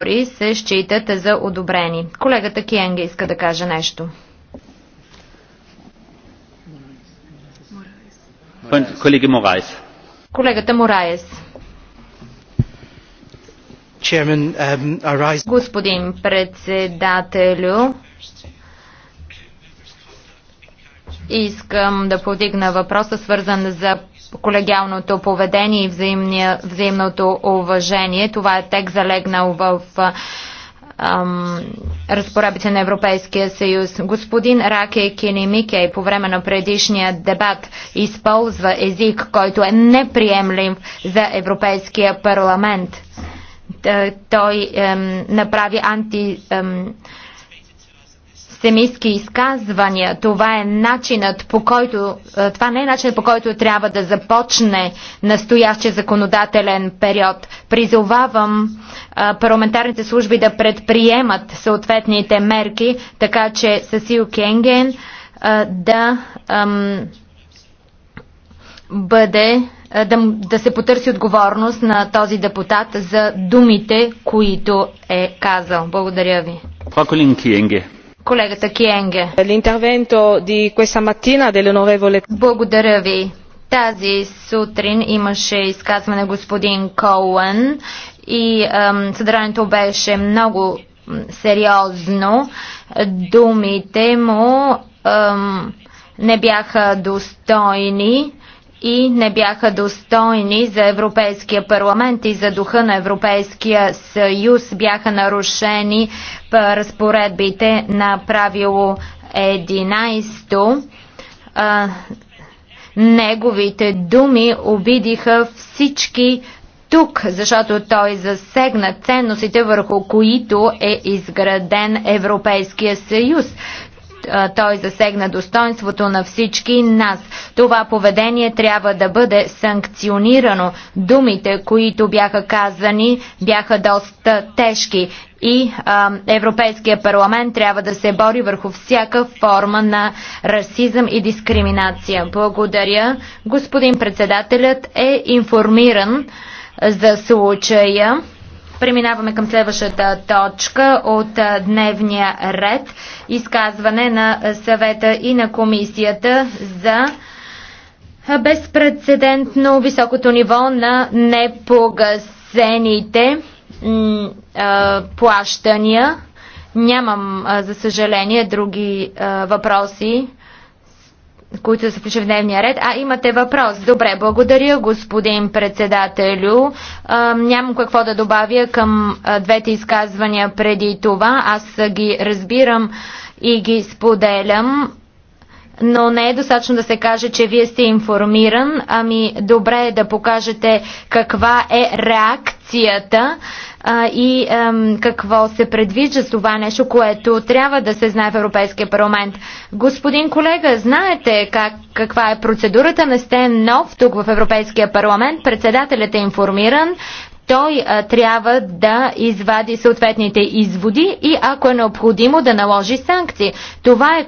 договори се считат за одобрени. Колегата Киенге иска да каже нещо. Колеги Морайс. Колегата Мораес. Um, Господин председателю, искам да подигна въпроса, свързан за колегиалното поведение и взаимното уважение. Това е текст залегнал в разпоръбите на Европейския съюз. Господин Раке Кинемике по време на предишния дебат използва език, който е неприемлив за Европейския парламент. Той направи анти... Ем, екстремистски изказвания. Това е начинът по който, е, това не е начинът по който трябва да започне настоящия законодателен период. Призовавам е, парламентарните служби да предприемат съответните мерки, така че Сасил Кенген е, да ам, бъде да, да се потърси отговорност на този депутат за думите, които е казал. Благодаря ви. Колегата Киенге. Благодаря ви. Тази сутрин имаше изказване господин Коуен и ам, съдържанието беше много сериозно. Думите му ам, не бяха достойни и не бяха достойни за Европейския парламент и за духа на Европейския съюз. Бяха нарушени разпоредбите на правило 11. А, неговите думи обидиха всички тук, защото той засегна ценностите, върху които е изграден Европейския съюз той засегна достоинството на всички нас. Това поведение трябва да бъде санкционирано. Думите, които бяха казани, бяха доста тежки и а, Европейския парламент трябва да се бори върху всяка форма на расизъм и дискриминация. Благодаря. Господин председателят е информиран за случая. Преминаваме към следващата точка от дневния ред. Изказване на съвета и на комисията за безпредседентно високото ниво на непогасените плащания. Нямам, за съжаление, други въпроси които са включени в дневния ред. А, имате въпрос. Добре, благодаря, господин председателю. А, нямам какво да добавя към а, двете изказвания преди това. Аз ги разбирам и ги споделям но не е достатъчно да се каже, че вие сте информиран, ами добре е да покажете каква е реакцията а, и ам, какво се предвижда с това нещо, което трябва да се знае в Европейския парламент. Господин колега, знаете как, каква е процедурата, не сте нов тук в Европейския парламент, председателят е информиран, той а, трябва да извади съответните изводи и ако е необходимо да наложи санкции. Това е